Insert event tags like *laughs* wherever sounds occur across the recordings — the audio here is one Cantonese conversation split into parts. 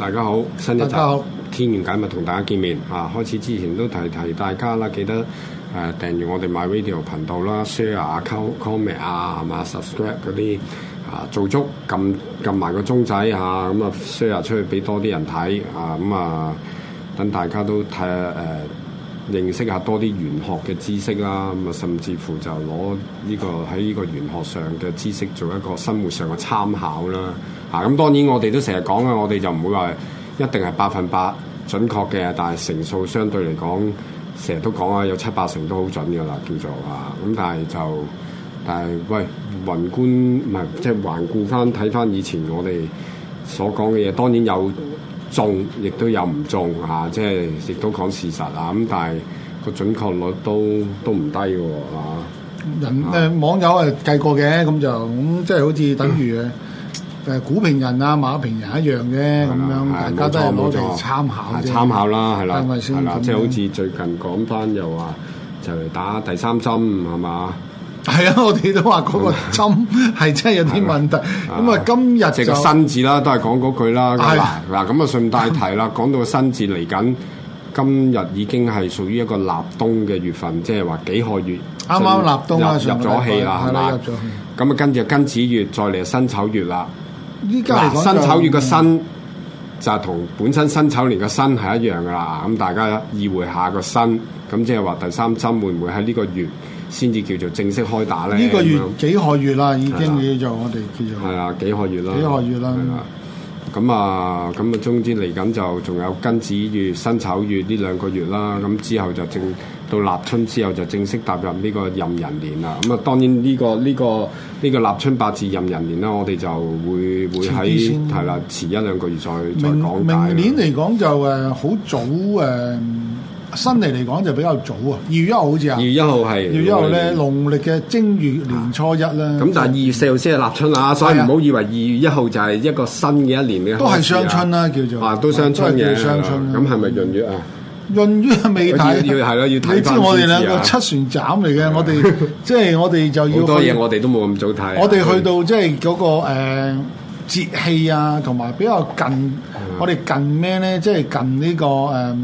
emaal reflex 大家好，新一集，天玄解密同大家見面嚇。開始之前都提提大家啦，記得誒訂閱我哋 myvideo 頻道啦，share 啊、comment 啊、係嘛、subscribe 嗰啲啊，做足撳撳埋個鐘仔嚇，咁啊 share 出去俾多啲人睇啊，咁啊等大家都睇誒認識下多啲玄學嘅知識啦，咁啊甚至乎就攞呢個喺呢個玄學上嘅知識，做一個生活上嘅參考啦。啊啊啊！咁當然我哋都成日講嘅，我哋就唔會話一定係百分百準確嘅，但係成數相對嚟講，成日都講啊，有七八成都好準㗎啦，叫做啊。咁但係就，但係喂，宏觀唔係即係環顧翻睇翻以前我哋所講嘅嘢，當然有中，亦都有唔中嚇、啊，即係亦都講事實啊。咁但係個準確率都都唔低喎、啊、人誒、呃、網友係計過嘅，咁就咁即係好似等於、啊。誒股評人啊，馬評人一樣嘅咁樣，大家都攞嚟參考嘅。參考啦，係啦，係啦，即係好似最近講翻又話就嚟打第三針係嘛？係啊，我哋都話嗰個針係真係有啲問題。咁啊，今日即係個辛字啦，都係講嗰句啦。嗱嗱咁啊，順帶提啦，講到辛字嚟緊，今日已經係屬於一個立冬嘅月份，即係話幾何月？啱啱立冬入咗氣啦，係嘛？咁啊，跟住跟庚子月再嚟啊，辛丑月啦。依家辛丑月嘅辛，嗯、就同本身辛丑年嘅辛係一樣噶啦，咁大家意會下個辛，咁即係話第三針會唔會喺呢個月先至叫做正式開打咧？呢個月幾個月啦，已經叫做的我哋叫做係啊，幾個月啦，幾個月啦。咁啊，咁啊、嗯，總之嚟緊就仲有庚子月、辛丑月呢兩個月啦。咁之後就正到立春之後就正式踏入呢個壬寅年啦。咁啊，當然呢、呢個呢、呢個呢、呢個立春八字壬寅年啦，我哋就會會喺係啦，遲一兩個月再明再講解。明年嚟講就誒好早誒。Uh, 新嚟嚟講就比較早啊，二月一號好似啊。二月一號係二月一號咧，農曆嘅正月年初一啦。咁但係二月四號先係立春啊，所以唔好以為二月一號就係一個新嘅一年咧。都係雙春啦，叫做。啊，都雙春嘅春。咁係咪閏月啊？閏月未睇，要係咯，要睇。你知我哋兩個七船斬嚟嘅，我哋即係我哋就要好多嘢，我哋都冇咁早睇。我哋去到即係嗰個誒節氣啊，同埋比較近，我哋近咩咧？即係近呢個誒。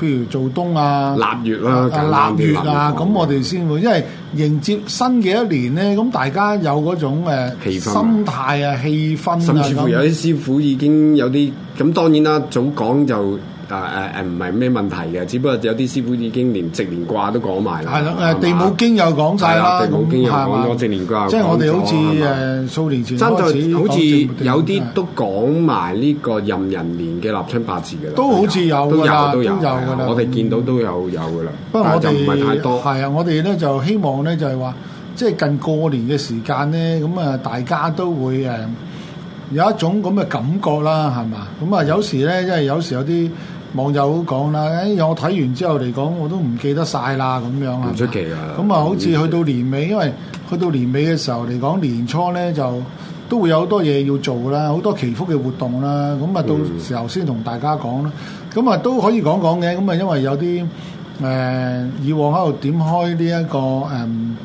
譬如做冬啊、臘月啦，臘月啊，咁我哋先會，因為迎接新嘅一年咧，咁大家有嗰種誒心態啊、氣氛啊，氣氛啊，甚至乎有啲師傅已經有啲咁，當然啦，早講就。但係誒誒唔係咩問題嘅，只不過有啲師傅已經連值年卦都講埋啦。係咯，誒地母經又講曬啦，係啊，地母經又講咗值年卦。即係我哋好似誒數年前開始講。真就好似有啲都講埋呢個壬寅年嘅立春八字嘅啦。都好似有㗎啦，都有都有㗎啦。我哋見到都有有㗎啦，但係就唔係太多。係啊，我哋咧就希望咧就係話，即係近過年嘅時間咧，咁啊大家都會誒有一種咁嘅感覺啦，係嘛？咁啊有時咧，因為有時有啲。網友都講啦，誒、哎，我睇完之後嚟講，我都唔記得晒啦，咁樣啊，唔出奇啊。咁啊吧，好似去到年尾，嗯、因為去到年尾嘅時候嚟講，年初咧就都會有好多嘢要做啦，好多祈福嘅活動啦，咁啊，到時候先同大家講啦。咁啊、嗯，都可以講講嘅。咁啊，因為有啲誒、呃、以往喺度點開呢、這、一個誒、嗯、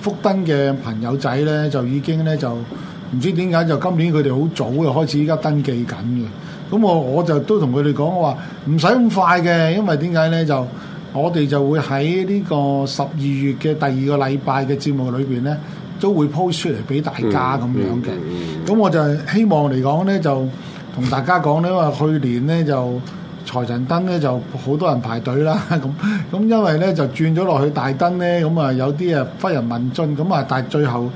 福燈嘅朋友仔咧，就已經咧就唔知點解就今年佢哋好早就開始依家登記緊嘅。咁我我就都同佢哋講，我話唔使咁快嘅，因為點解呢？就我哋就會喺呢個十二月嘅第二個禮拜嘅節目裏邊呢，都會 post 出嚟俾大家咁樣嘅。咁、嗯嗯嗯、我就希望嚟講呢，就同大家講呢，因為，去年呢，就財神燈呢就好多人排隊啦。咁 *laughs* 咁因為呢，就轉咗落去大燈呢。咁啊有啲啊忽人問津咁啊，但係最後。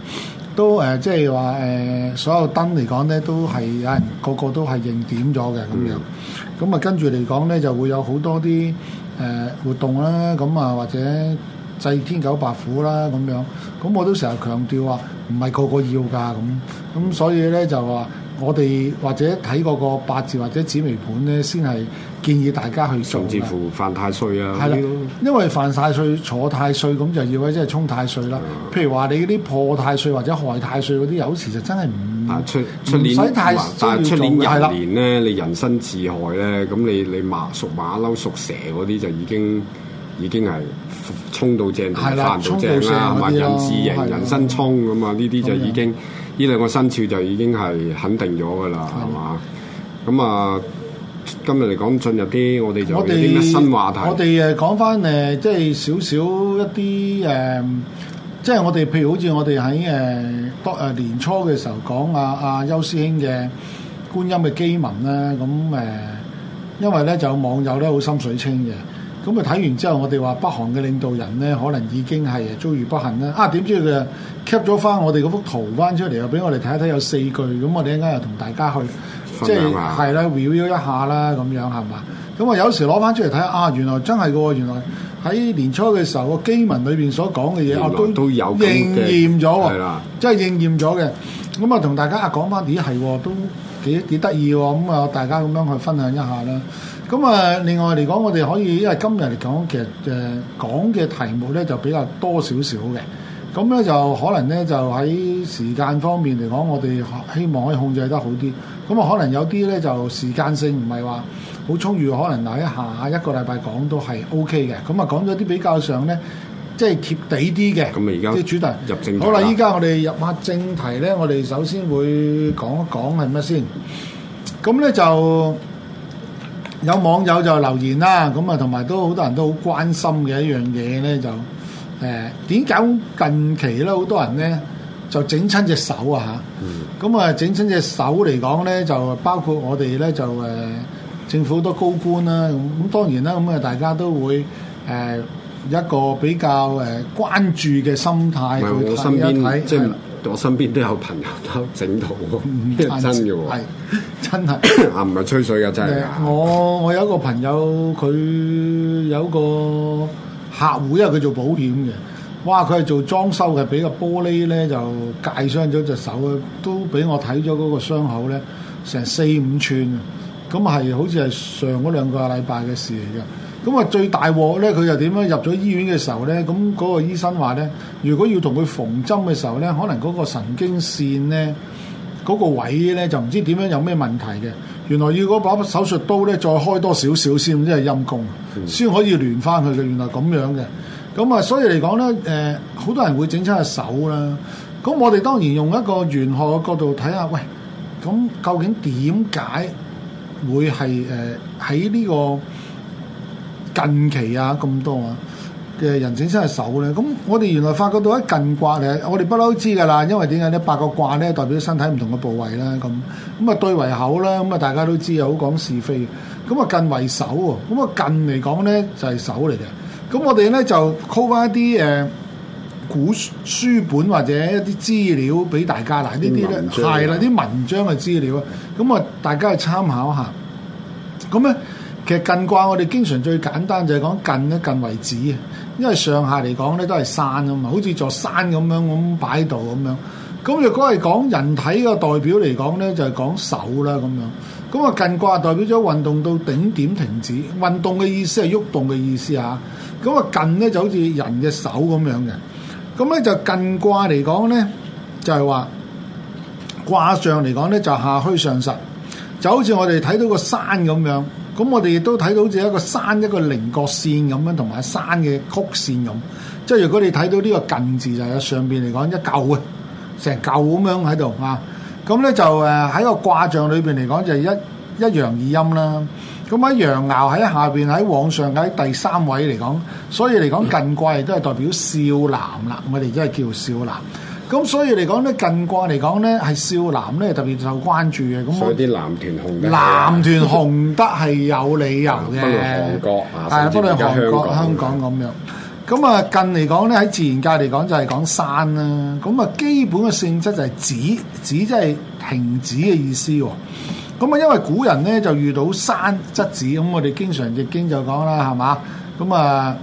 都誒、呃，即係話誒，所有燈嚟講咧，都係有人個個都係認點咗嘅咁樣。咁啊、嗯，跟住嚟講咧，就會有好多啲誒、呃、活動啦。咁啊，或者祭天狗、白虎啦咁樣，嗯、樣。咁我都成日強調話，唔係個個要㗎咁。咁所以咧就話，我哋或者睇嗰個八字或者紫微盤咧，先係。建議大家去甚至乎犯太歲啊！係因為犯太歲、坐太歲咁就要即係衝太歲啦。譬如話你嗰啲破太歲或者害太歲嗰啲，有時就真係唔。啊，出出年，但係出年入年咧，你人身自害咧，咁你你馬屬馬騮屬蛇嗰啲就已經已經係衝到正，犯到正啦，馬人字形、人身衝咁啊！呢啲就已經呢兩個生肖就已經係肯定咗噶啦，係嘛？咁啊～今日嚟講，進入啲我哋就啲咩新話題。我哋誒講翻誒，即係少少一啲誒、嗯，即係我哋譬如好似我哋喺誒多誒年初嘅時候講阿阿邱師兄嘅觀音嘅乩文啦。咁、嗯、誒、嗯，因為咧就有網友咧好心水清嘅，咁啊睇完之後，我哋話北韓嘅領導人咧可能已經係遭遇不幸啦。啊點知佢啊 cap 咗翻我哋嗰幅圖翻出嚟，又俾我哋睇一睇，有四句，咁我哋一陣間又同大家去。即係係啦 recall 一下啦，咁樣係嘛？咁啊，有時攞翻出嚟睇下，啊，原來真係喎！原來喺年初嘅時候個基民裏邊所講嘅嘢，我原來 都，都有應驗咗，即係應驗咗嘅。咁啊，同大家啊講翻，咦係喎，都幾幾得意喎！咁啊，大家咁樣去分享一下啦。咁、嗯、啊，另外嚟講，我哋可以因為今日嚟講，其實誒、呃、講嘅題目咧就比較多少少嘅。咁咧就可能咧就喺時間方面嚟講，我哋希望可以控制得好啲。咁啊，可能有啲咧就時間性唔係話好充裕，可能嗱，一下一個禮拜講都係 OK 嘅。咁啊，講咗啲比較上咧，即係貼地啲嘅。咁而家即係主題入正題。好啦，依家我哋入下正題咧，我哋首先會講一講係乜先。咁咧就有網友就留言啦。咁啊，同埋都好多人都好關心嘅一樣嘢咧就。誒點解近期咧好多人咧就整親隻手啊嚇？咁啊，整親隻手嚟講咧就，包括我哋咧就誒、啊、政府好多高官啦咁、啊、當然啦，咁啊大家都會誒、啊、一個比較誒關注嘅心態去睇一睇，即係我身邊都有朋友都整到真嘅喎，真係啊，唔係吹水嘅真係。 *laughs* 我我有一個朋友佢有個。客戶因為佢做保險嘅，哇！佢係做裝修嘅，俾個玻璃咧就界傷咗隻手啊，都俾我睇咗嗰個傷口咧，成四五寸啊！咁係好似係上嗰兩個禮拜嘅事嚟嘅。咁啊最大鑊咧，佢又點樣？入咗醫院嘅時候咧，咁嗰個醫生話咧，如果要同佢縫針嘅時候咧，可能嗰個神經線咧。嗰個位咧就唔知點樣有咩問題嘅，原來要嗰把手術刀咧再開多少少先，即係陰功，先、嗯、可以聯翻佢嘅。原來咁樣嘅，咁啊，所以嚟講咧，誒、呃，好多人會整親隻手啦。咁我哋當然用一個玄學嘅角度睇下，喂，咁究竟點解會係誒喺呢個近期啊咁多啊？人整親係手咧，咁我哋原來發覺到喺艮卦嚟，我哋不嬲知噶啦，因為點解呢？八個卦咧代表身體唔同嘅部位啦，咁咁啊兌為口啦，咁啊大家都知啊，好講是非嘅，咁啊艮為手喎，咁啊艮嚟講咧就係手嚟嘅，咁我哋咧就 call 翻一啲誒、呃、古書本或者一啲資料俾大家，嗱呢啲咧係啦啲文章嘅資料，咁啊、嗯、大家去參考下。咁咧其實艮卦我哋經常最簡單就係講艮一艮為止。啊。因為上下嚟講咧都係山啊嘛，好似座山咁樣咁擺度咁樣。咁若果係講人體嘅代表嚟講咧，就係講手啦咁樣。咁啊艮卦代表咗運動到頂點停止，運動嘅意思係喐動嘅意思嚇。咁啊艮咧就好似人嘅手咁樣嘅。咁咧就艮卦嚟講咧，就係話卦象嚟講咧就下虛上實，就好似我哋睇到個山咁樣。咁我哋亦都睇到好似一個山一個稜角線咁樣，同埋山嘅曲線咁。即係如果你睇到呢個艮字，就係、是、上邊嚟講一舊嘅，成舊咁樣喺度啊。咁咧就誒喺個卦象裏邊嚟講就一一陽二陰啦。咁喺陽爻喺下邊喺往上喺第三位嚟講，所以嚟講艮卦亦都係代表少男啦。嗯、我哋真係叫少男。咁所以嚟講咧，艮卦嚟講咧，係少男咧特別受關注嘅。咁所以啲藍團紅嘅，藍團紅得係 *laughs* 有理由嘅。包括韓國啊，係啊，包括韓國、啊、啊韓國啊、香港咁、啊、樣。咁啊，艮嚟講咧，喺自然界嚟講就係講山啦。咁啊，基本嘅性質就係止，止即係停止嘅意思喎。咁啊，因為古人咧就遇到山則止，咁我哋經常易經就講啦，係嘛？咁啊。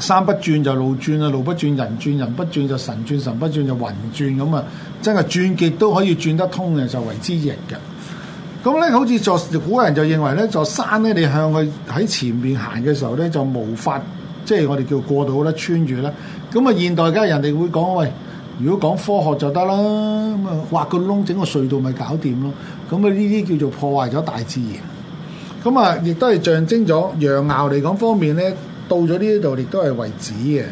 山不轉就路轉啊，路不轉人轉，人不轉就神轉，神不轉就魂轉。咁啊，真係轉極都可以轉得通嘅，就為之易嘅。咁咧，好似古人就認為咧，座山咧，你向佢喺前面行嘅時候咧，就無法即係我哋叫過渡咧，穿住啦。咁啊，現代梗係人哋會講喂，如果講科學就得啦，咁啊挖個窿整個隧道咪搞掂咯。咁啊，呢啲叫做破壞咗大自然。咁啊，亦都係象徵咗陽爻嚟講方面咧。到咗呢度，亦都係為止嘅。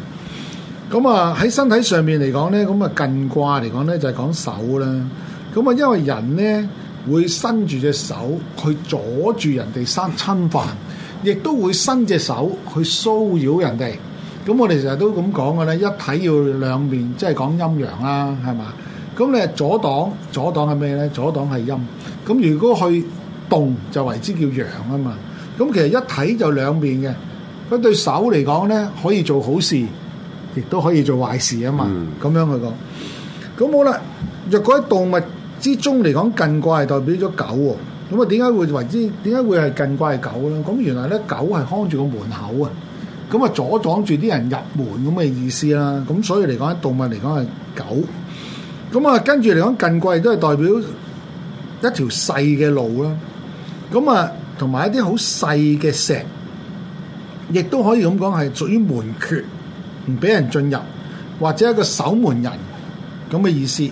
咁啊，喺身體上面嚟講呢，咁啊艮卦嚟講呢，就係講手啦。咁啊，因為人呢會伸住隻手去阻住人哋生侵犯，亦都會伸隻手去騷擾人哋。咁我哋成日都咁講嘅呢：一體要兩面，即係講陰陽啦，係嘛？咁你阻擋阻擋係咩呢？阻擋係陰。咁如果去動就為之叫陽啊嘛。咁其實一體就兩面嘅。佢對手嚟講咧，可以做好事，亦都可以做壞事啊嘛。咁樣去講，咁好啦。若果喺動物之中嚟講，艮卦係代表咗狗喎。咁啊，點解會為之？點解會係艮卦係狗咧？咁原來咧，狗係看住個門口啊。咁啊，阻擋住啲人入門咁嘅意思啦。咁所以嚟講喺動物嚟講係狗。咁啊，跟住嚟講艮卦都係代表一條細嘅路啦。咁啊，同埋一啲好細嘅石。亦都可以咁講，係屬於門闕，唔俾人進入，或者一個守門人咁嘅意思。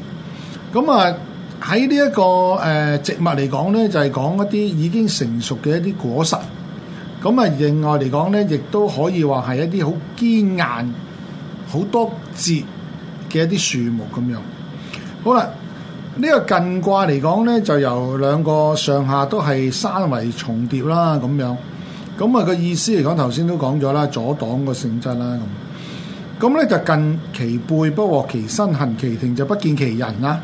咁啊，喺呢一個誒植物嚟講咧，就係、是、講一啲已經成熟嘅一啲果實。咁啊，另外嚟講咧，亦都可以話係一啲好堅硬、好多節嘅一啲樹木咁樣。好啦，呢、這個艮卦嚟講咧，就由兩個上下都係山維重疊啦，咁樣。咁啊個意思嚟講，頭先都講咗啦，阻擋個性質啦咁。咁咧就艮其背不獲其身，行其庭就不見其人啦。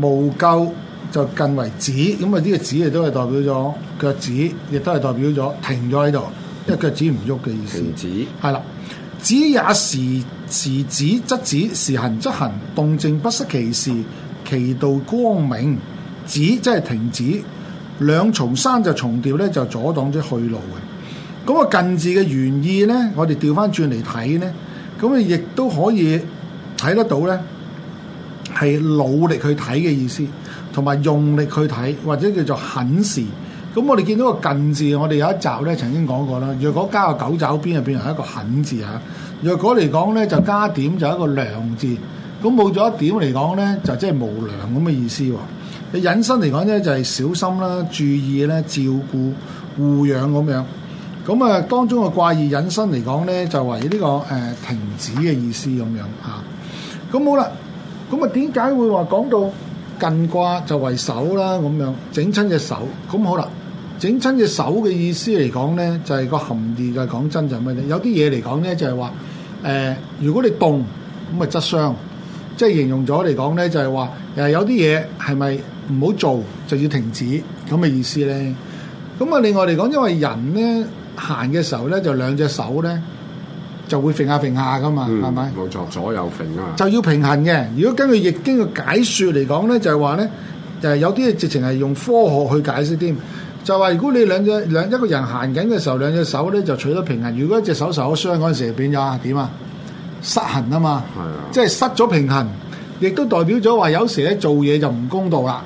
無咎就艮為止，咁啊呢個止亦都係代表咗腳趾，亦都係代表咗停咗喺度，因為腳趾唔喐嘅意思。停止。係啦，止也時，時止則止，時行則行，動靜不失其時，其道光明。止即係停止。兩重山就重疊咧，就阻擋咗去路嘅。咁、嗯、啊，艮字嘅原意咧，我哋調翻轉嚟睇咧，咁你亦都可以睇得到咧，係努力去睇嘅意思，同埋用力去睇，或者叫做狠視。咁、嗯、我哋見到個艮字，我哋有一集咧曾經講過啦。若果加個狗爪邊，入變成一個狠字啊。若果嚟講咧，就加點就係一個良字。咁冇咗一點嚟講咧，就即係無良咁嘅意思喎。引申嚟講咧就係小心啦、注意咧、照顧、護養咁樣。咁啊，當中嘅卦意引申嚟講咧就係呢個誒停止嘅意思咁樣嚇。咁、啊、好啦，咁啊點解會話講到艮卦就為手啦咁樣整親隻手？咁好啦，整親隻手嘅意思嚟講咧就係個含義。就講真就咩嘢？有啲嘢嚟講咧就係話誒，如果你凍咁啊，則傷，即係形容咗嚟講咧就係話誒，有啲嘢係咪？唔好做就要停止咁嘅意思咧。咁啊，另外嚟講，因為人咧行嘅時候咧，就兩隻手咧就會揈下揈下噶嘛，係咪、嗯？冇錯，左右揈啊嘛。就要平衡嘅。如果根據易經嘅解說嚟講咧，就係話咧誒有啲直情係用科學去解釋添。就話如果你兩隻兩一個人行緊嘅時候，兩隻手咧就取得平衡。如果一隻手受咗傷嗰陣時，變咗點啊？失衡啊嘛，係啊的，即係失咗平衡，亦都代表咗話有時咧做嘢就唔公道啦。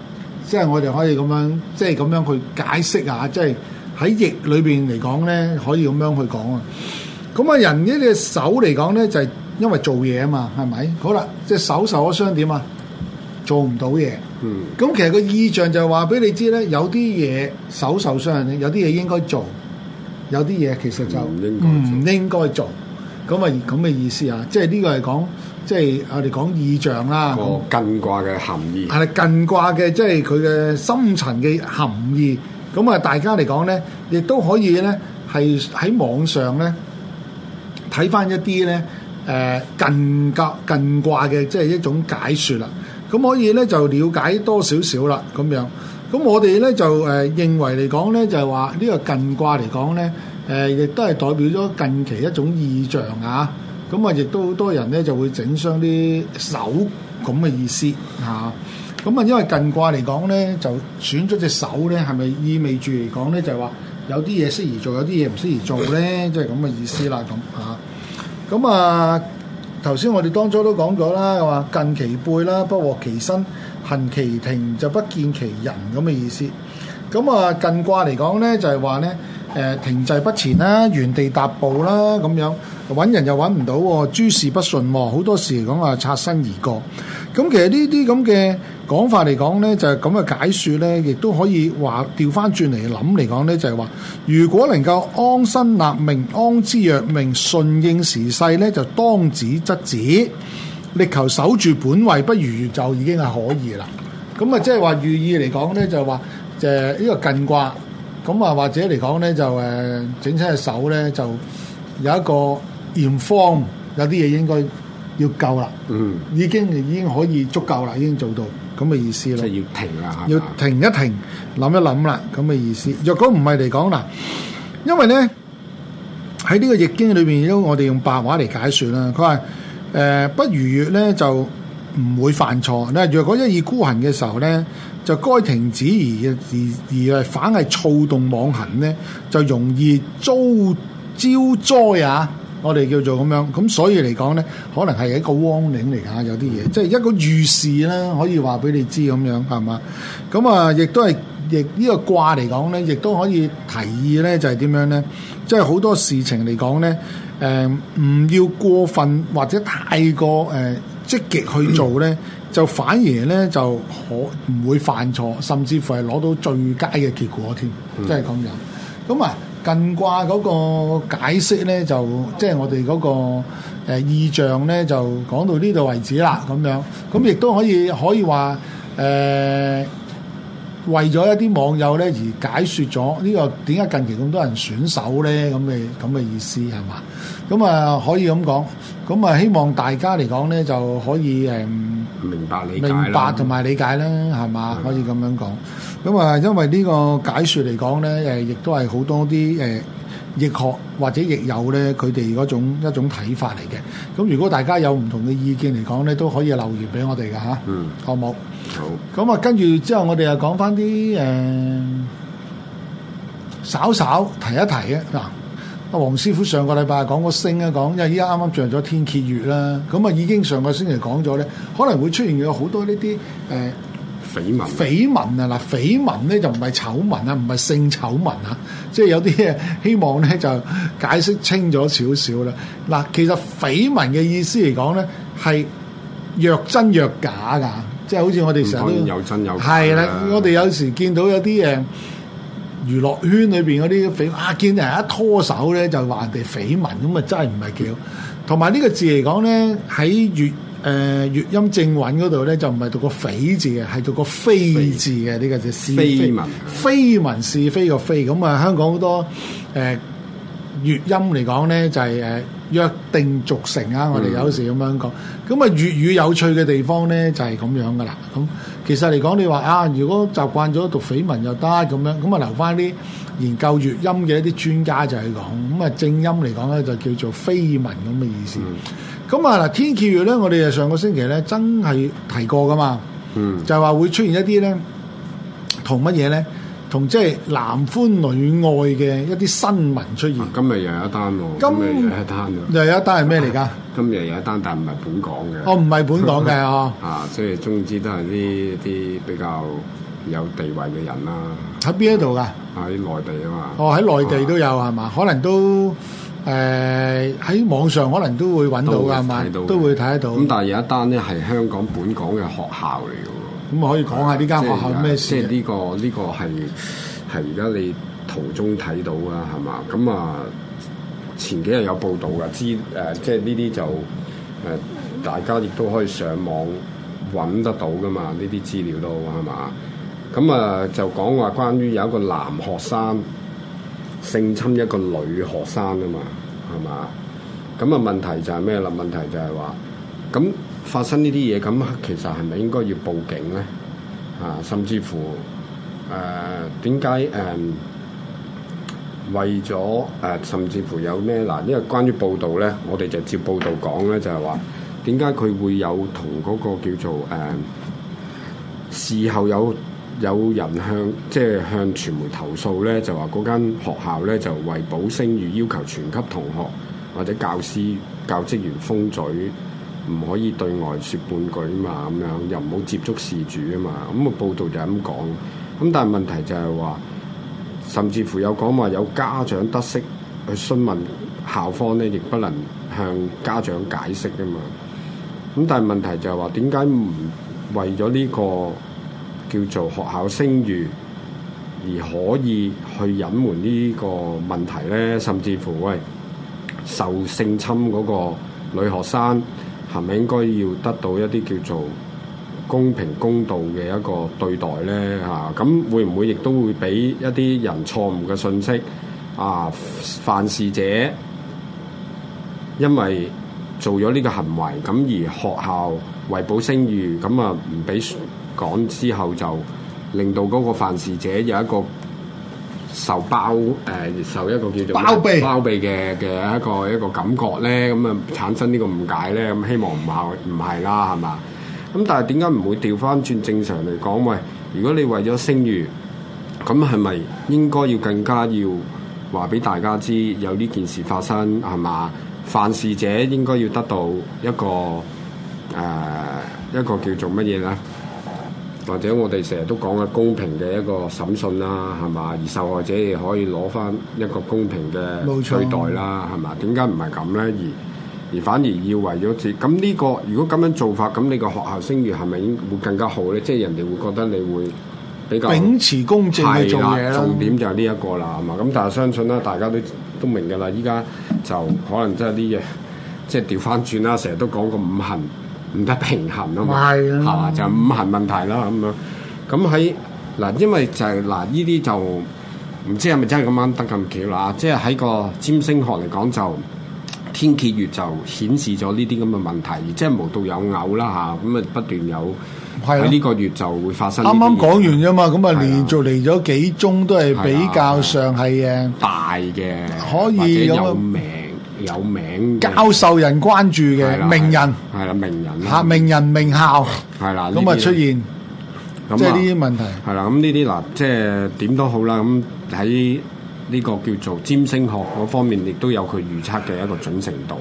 即係我哋可以咁樣，即係咁樣去解釋啊！即係喺逆裏邊嚟講咧，可以咁樣去講啊。咁啊，人呢隻手嚟講咧，就係、是、因為做嘢啊嘛，係咪？好啦，隻手受咗傷點啊？做唔到嘢。嗯。咁其實個意象就係話俾你知咧，有啲嘢手受傷，有啲嘢應該做，有啲嘢其實就唔應該做。咁啊、嗯，咁嘅意思啊，即係呢個係講。即係我哋講意象啦，個艮卦嘅含義係艮卦嘅，即係佢嘅深層嘅含義。咁啊，大家嚟講咧，亦都可以咧，係喺網上咧睇翻一啲咧，誒艮卦艮卦嘅即係一種解説啦。咁可以咧就了解多少少啦，咁樣。咁我哋咧就誒認為嚟講咧，就係話呢個艮卦嚟講咧，誒亦都係代表咗近期一種意象啊。咁啊，亦都好多人咧就會整傷啲手咁嘅意思嚇。咁啊，因為艮卦嚟講咧，就選咗隻手咧，係咪意味住嚟講咧，就係話有啲嘢適宜做，有啲嘢唔適宜做咧，即係咁嘅意思啦咁嚇。咁啊，頭先我哋當初都講咗啦，話艮其背啦，不獲其身；行其庭就不見其人咁嘅意思。咁啊，艮卦嚟講咧，就係話咧。呃、停滯不前啦、啊，原地踏步啦、啊，咁樣揾人又揾唔到、啊，諸事不順，好多時嚟講啊，擦身而過。咁、嗯、其實這這呢啲咁嘅講法嚟講呢就係咁嘅解説呢，亦都可以話調翻轉嚟諗嚟講呢，就係、是、話如果能夠安身立命，安之若命，順應時勢呢，就當止則止，力求守住本位，不如，如就已經係可以啦。咁、嗯、啊，即係話寓意嚟講呢，就係話呢個艮卦。咁啊，或者嚟講咧，就誒整親隻手咧，就有一個驗方，有啲嘢應該要夠啦，嗯，已經已經可以足夠啦，已經做到咁嘅意思啦，即係要停啦，嚇，要停一停，諗一諗啦，咁嘅意思。若果唔係嚟講嗱，因為咧喺呢個《易經》裏邊度，我哋用白話嚟解説啦，佢話誒不如月咧就。唔會犯錯。嗱，若果一意孤行嘅時候咧，就該停止而而而係反係躁動妄行咧，就容易遭招災啊！我哋叫做咁樣。咁所以嚟講咧，可能係一個汪嶺嚟啊，有啲嘢即係一個預示啦，可以話俾你知咁樣係嘛？咁啊，亦都係亦個呢個卦嚟講咧，亦都可以提議咧，就係、是、點樣咧？即係好多事情嚟講咧，誒、呃、唔要過分或者太過誒。呃積極去做呢，嗯、就反而呢，就可唔會犯錯，甚至乎係攞到最佳嘅結果添，即係咁樣。咁啊，艮卦嗰個解釋呢，就即係、就是、我哋嗰、那個意象、呃、呢，就講到呢度為止啦，咁樣。咁亦都可以可以話誒、呃，為咗一啲網友呢而解説咗呢個點解近期咁多人選手呢？咁嘅咁嘅意思係嘛？咁啊，可以咁講。咁啊，希望大家嚟講咧，就可以誒、嗯、明白理、嗯、明白同埋理解啦，係嘛？可以咁樣講。咁啊、嗯，因為呢個解説嚟講咧，誒，亦都係好多啲誒，易學或者易友咧，佢哋嗰種一種睇法嚟嘅。咁如果大家有唔同嘅意見嚟講咧，都可以留言俾我哋嘅嚇，嗯、好冇？好。咁啊好，跟住之後我就，我哋又講翻啲誒，稍稍提一提嘅嗱。阿黃師傅上個禮拜講個星，啊，講因為依家啱啱撞咗天蠍月啦，咁啊已經上個星期講咗咧，可能會出現有好多呢啲誒……緋聞、呃、緋聞啊，緋聞啊嗱，緋聞咧就唔係醜聞啊，唔係性醜聞啊，即係有啲希望咧就解釋清咗少少啦。嗱、啊，其實緋聞嘅意思嚟講咧，係若真若假噶，即係好似我哋成日都有真有係啦，我哋有時見到有啲誒。呃娛樂圈裏邊嗰啲緋，啊見人一拖手咧就話人哋緋聞，咁咪真係唔係叫？同埋呢個字嚟講咧，喺粵誒粵音正韻嗰度咧就唔係讀個緋字嘅，係讀個非字嘅呢非個字。緋聞，緋聞文是非個非，咁啊香港好多誒。呃粵音嚟講咧就係誒約定俗成啊，嗯、我哋有時咁樣講，咁啊粵語有趣嘅地方咧就係咁樣噶啦。咁其實嚟講，你話啊，如果習慣咗讀緋聞又得咁樣，咁啊留翻啲研究粵音嘅一啲專家就係講。咁啊正音嚟講咧就叫做緋聞咁嘅意思。咁、嗯、啊嗱天蠍月咧，我哋啊上個星期咧真係提過噶嘛，嗯、就係話會出現一啲咧同乜嘢咧？同即係男歡女愛嘅一啲新聞出現。今日又有單喎，今日又有一單喎，今 今又有單係咩嚟噶？今日有一單，但唔係本港嘅。哦，唔係本港嘅哦。 *laughs* 啊，所以總之都係啲啲比較有地位嘅人啦。喺邊一度噶？喺、啊、內地啊嘛。哦，喺內地都有係嘛、啊？可能都誒喺、呃、網上可能都會揾到㗎係嘛？都會睇得到。咁嗎但係有一單咧係香港本港嘅學校嚟嘅。咁、嗯、可以講下呢間學校咩先？呢個呢個係係而家你圖中睇到啊，係嘛、這個？咁、這、啊、個、前幾日有報道噶，知誒、呃，即係呢啲就誒、呃、大家亦都可以上網揾得到噶嘛？呢啲資料都係嘛？咁啊、呃、就講話關於有一個男學生性侵一個女學生啊嘛，係嘛？咁啊問題就係咩啦？問題就係話咁。發生呢啲嘢咁，其實係咪應該要報警呢？啊，甚至乎誒點解誒為咗誒、呃呃，甚至乎有咩嗱？因為關於報道呢，我哋就接報道講呢，就係話點解佢會有同嗰個叫做誒、呃、事後有有人向即係、就是、向傳媒投訴呢？就話嗰間學校呢，就為保聲譽要求全級同學或者教師教職員封嘴。唔可以對外說半句嘛，咁樣又唔好接觸事主啊嘛，咁個報道就咁講。咁但係問題就係話，甚至乎有講話有家長得悉去詢問校方呢，亦不能向家長解釋啊嘛。咁但係問題就係話，點解唔為咗呢個叫做學校聲譽而可以去隱瞞呢個問題呢？甚至乎喂，受性侵嗰個女學生。係咪應該要得到一啲叫做公平公道嘅一個對待咧？嚇、啊，咁會唔會亦都會俾一啲人錯誤嘅信息？啊，犯事者因為做咗呢個行為，咁而學校為保聲譽，咁啊唔俾講之後，就令到嗰個犯事者有一個。受包誒，受一個叫做包庇、包庇嘅嘅一個一個感覺咧，咁啊產生呢個誤解咧，咁希望唔係唔係啦，係嘛？咁但係點解唔會調翻轉正常嚟講？喂，如果你為咗聲譽，咁係咪應該要更加要話俾大家知有呢件事發生，係嘛？犯事者應該要得到一個誒一個叫做乜嘢呢？或者我哋成日都講嘅公平嘅一個審訊啦，係嘛？而受害者亦可以攞翻一個公平嘅對待啦，係嘛冇錯？點解唔係咁咧？而而反而要為咗自己咁呢、呢個？如果咁樣做法，咁你個學校聲譽係咪會更加好咧？即係人哋會覺得你會比較秉持公正去做嘢、啊、重點就係呢一個啦，係嘛？咁但係相信啦，大家都都明㗎啦。依家就可能真係啲嘢，即係調翻轉啦。成日都講個五行。唔得平衡啊嘛，嚇、啊、就是、五行問題啦咁樣。咁喺嗱，因為就係、是、嗱，呢、啊、啲就唔知係咪真係咁啱得咁巧啦。即係喺個占星學嚟講，就天蠍月就顯示咗呢啲咁嘅問題，即係無獨有偶啦嚇。咁啊不斷有喺呢、啊、個月就會發生。啱啱講完啫嘛，咁啊連續嚟咗幾宗都係比較上係誒大嘅，可以有名。有名、較受人關注嘅名人，係啦名人嚇，名人名校，係啦。咁啊出現，即係呢啲問題，係啦。咁呢啲嗱，即係點都好啦。咁喺呢個叫做占星學嗰方面，亦都有佢預測嘅一個準程度。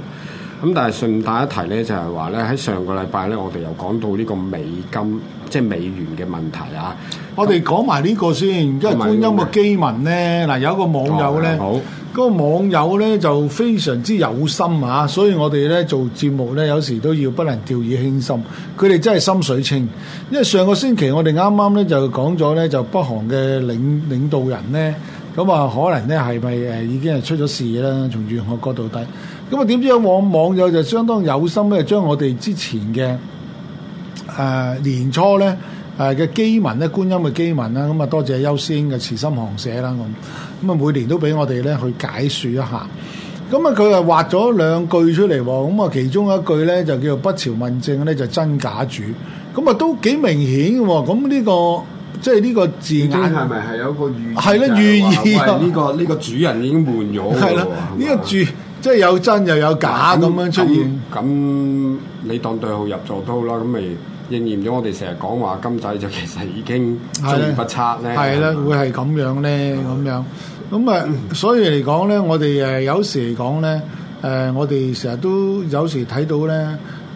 咁但係順帶一提咧，就係話咧喺上個禮拜咧，我哋又講到呢個美金，即係美元嘅問題啊。我哋講埋呢個先，因為觀音嘅基民咧，嗱有一個網友咧。好。嗰個網友咧就非常之有心啊，所以我哋咧做節目咧有時都要不能掉以輕心，佢哋真係心水清。因為上個星期我哋啱啱咧就講咗咧，就北韓嘅領領導人咧，咁、嗯、啊可能咧係咪誒已經係出咗事啦？從玄學角度睇，咁啊點知咧網網友就相當有心咧，將我哋之前嘅誒、呃、年初咧。誒嘅基民咧，觀音嘅基民啦，咁啊多謝優先嘅慈心行社啦，咁咁啊每年都俾我哋咧去解説一下。咁啊佢又畫咗兩句出嚟喎，咁啊其中一句咧就叫做不朝問政咧就真假主，咁啊都幾明顯喎。咁呢個即係呢個字眼係咪係有一個寓意啊？係啦，寓意啊。呢個呢個主人已經換咗。係啦，呢個主即係有真又有假咁那樣出現。咁你當對號入座都好啦，咁咪。應驗咗我哋成日講話金仔就其實已經足不測咧，係啦的，嗯、會係咁樣咧，咁的樣咁啊，嗯、所以嚟講咧，我哋誒有時嚟講咧，誒、呃、我哋成日都有時睇到咧，誒、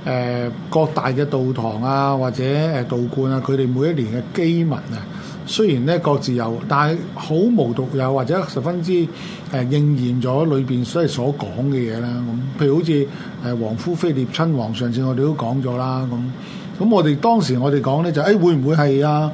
呃、各大嘅道堂啊，或者誒道觀啊，佢哋每一年嘅機密啊，雖然咧各自有，但係好無獨有或者十分之誒應驗咗裏邊所以所講嘅嘢啦。咁譬如好似誒皇夫菲臘親王上，上次我哋都講咗啦，咁。咁我哋當時我哋講咧就誒、欸、會唔會係啊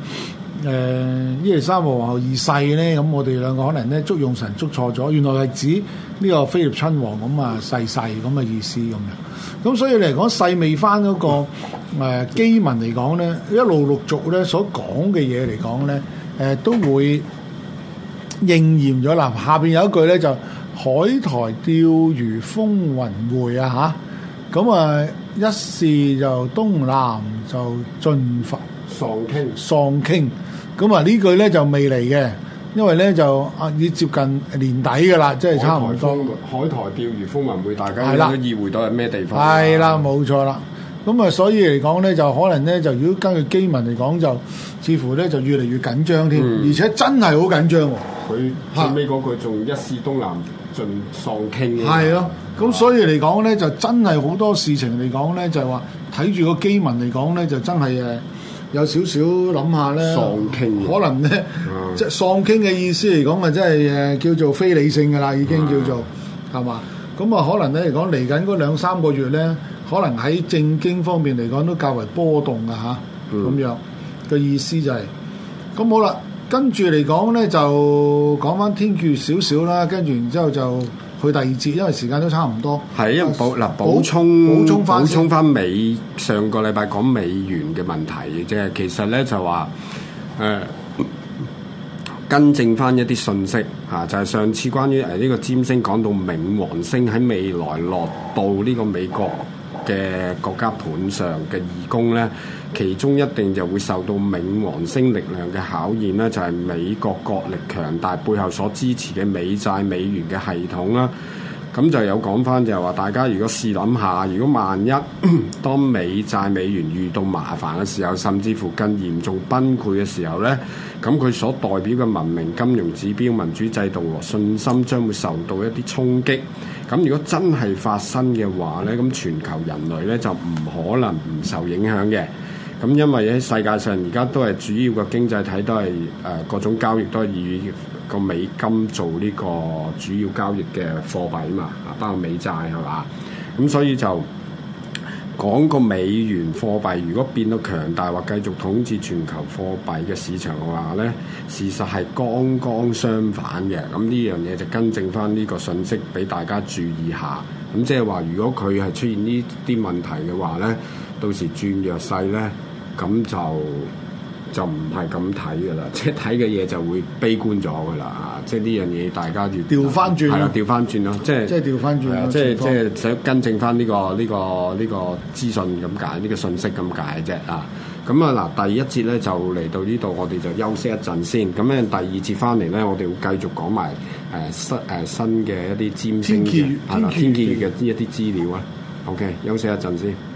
誒伊利、呃、沙伯皇后二世咧？咁我哋兩個可能咧捉用神捉錯咗，原來係指呢個菲臘親王咁啊逝世咁嘅意思咁樣。咁所以嚟講細味翻嗰、那個誒、呃、基民嚟講咧，一路陸續咧所講嘅嘢嚟講咧，誒、呃、都會應驗咗嗱，下邊有一句咧就海台釣魚風雲會啊吓！咁啊。一試就東南就盡發喪傾，喪傾咁啊！呢句咧就未嚟嘅，因為咧就啊已接近年底噶啦，即係差唔多海台釣魚風雲會，大家意會到係咩地方？係啦，冇錯啦。咁啊，所以嚟講咧，就可能咧，就如果根據基民嚟講，就似乎咧就越嚟越緊張添，嗯、而且真係好緊張。佢最尾嗰句仲一試東南盡喪傾嘅，係咯。咁所以嚟講咧，就真係好多事情嚟講咧，就係話睇住個基民嚟講咧，就真係誒有少少諗下咧，喪傾規可能咧，嗯、即係喪傾嘅意思嚟講啊，真係誒叫做非理性噶啦，已經叫做係嘛？咁啊、嗯，可能咧嚟講嚟緊嗰兩三個月咧，可能喺政經方面嚟講都較為波動啊吓。咁樣嘅意思就係、是。咁、嗯、好啦，跟住嚟講咧就講翻天柱少少啦，跟住然之後就。去第二節，因為時間都差唔多。係、啊，因為補嗱補充補充翻美上個禮拜講美元嘅問題嘅啫，其實咧就話誒、呃，更正翻一啲信息嚇、啊，就係、是、上次關於誒呢個占星講到冥王星喺未來落到呢個美國嘅國家盤上嘅義工呢，其中一定就會受到冥王星力量嘅考驗啦。就係、是、美國國力強大背後所支持嘅美債美元嘅系統啦、啊。咁就有講返就係話，大家如果試諗下，如果萬一 *coughs* 當美債美元遇到麻煩嘅時候，甚至乎更嚴重崩潰嘅時候呢，咁佢所代表嘅文明金融指標、民主制度和信心將會受到一啲衝擊。咁如果真係發生嘅話，呢咁全球人類呢就唔可能唔受影響嘅。咁因為喺世界上而家都係主要嘅經濟體都係誒、呃、各種交易都係以個美金做呢個主要交易嘅貨幣嘛，包括美債係嘛，咁所以就。講個美元貨幣如果變到強大或繼續統治全球貨幣嘅市場嘅話呢，事實係剛剛相反嘅。咁呢樣嘢就更正翻呢個信息俾大家注意下。咁即係話，如果佢係出現呢啲問題嘅話呢，到時轉弱勢呢，咁就。就唔係咁睇嘅啦，即係睇嘅嘢就會悲觀咗嘅啦，即係呢樣嘢，大家要調翻轉，係啦，調翻轉咯，即係即係調翻轉咯，的方即係即係想更正翻呢個呢個呢個資訊咁解，呢個信息咁解啫啊！咁啊嗱，第一節咧就嚟到呢度，我哋就休息一陣先。咁咧，第二節翻嚟咧，我哋會繼續講埋誒、呃、新誒新嘅一啲占星、天氣天氣嘅一啲資料啊。OK，休息一陣先。